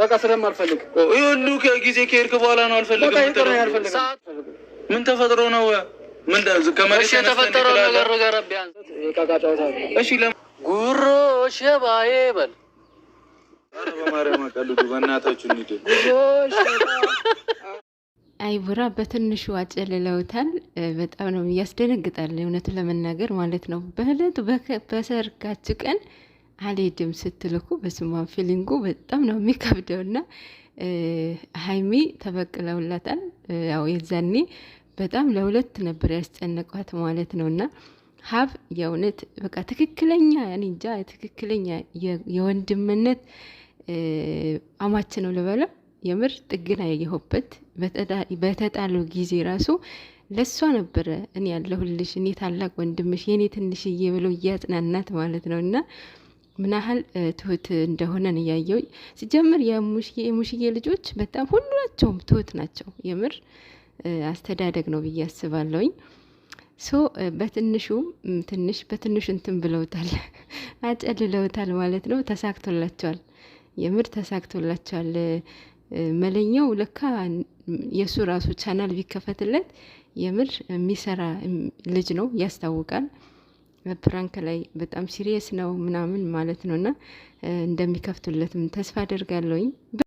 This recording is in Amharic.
በቃ ስለም አልፈልግ ሁሉ ከጊዜ ከሄድክ በኋላ ነው አልፈልግም። ምን ተፈጥሮ ነው? ምን ከመሬት የተፈጠረው ነገር ቢያንስ እሺ። ጉሮ ሸባዬ በል አይቡራ በትንሹ አጨልለውታል። በጣም ነው ያስደነግጣል፣ እውነቱን ለመናገር ማለት ነው። በእለቱ በሰርጋችሁ ቀን አልሄድም ስትልኩ በስማን ፊሊንጉ በጣም ነው የሚከብደውና ሀይሚ ተበቅለውላታል። ያው የዛኔ በጣም ለሁለት ነበር ያስጨነቋት ማለት ነው እና ሀብ የእውነት በቃ ትክክለኛ እንጃ ትክክለኛ የወንድምነት አማች ነው ልበለው። የምር ጥግን አየሁበት። በተጣሉ ጊዜ ራሱ ለእሷ ነበረ እኔ ያለሁልሽ፣ እኔ ታላቅ ወንድምሽ፣ የእኔ ትንሽዬ ብሎ እያጽናናት ማለት ነው እና ምን ያህል ትሁት እንደሆነን እያየው ሲጀምር የሙሽዬ ልጆች በጣም ሁላቸውም ትሁት ናቸው። የምር አስተዳደግ ነው ብዬ አስባለሁኝ። ሶ በትንሹም ትንሽ በትንሹ እንትን ብለውታል፣ አጨልለውታል ማለት ነው። ተሳክቶላቸዋል፣ የምር ተሳክቶላቸዋል። መለኛው ለካ የእሱ ራሱ ቻናል ቢከፈትለት የምር የሚሰራ ልጅ ነው፣ ያስታውቃል። ፕራንክ ላይ በጣም ሲሪየስ ነው ምናምን ማለት ነው እና እንደሚከፍቱለትም ተስፋ አደርጋለሁኝ።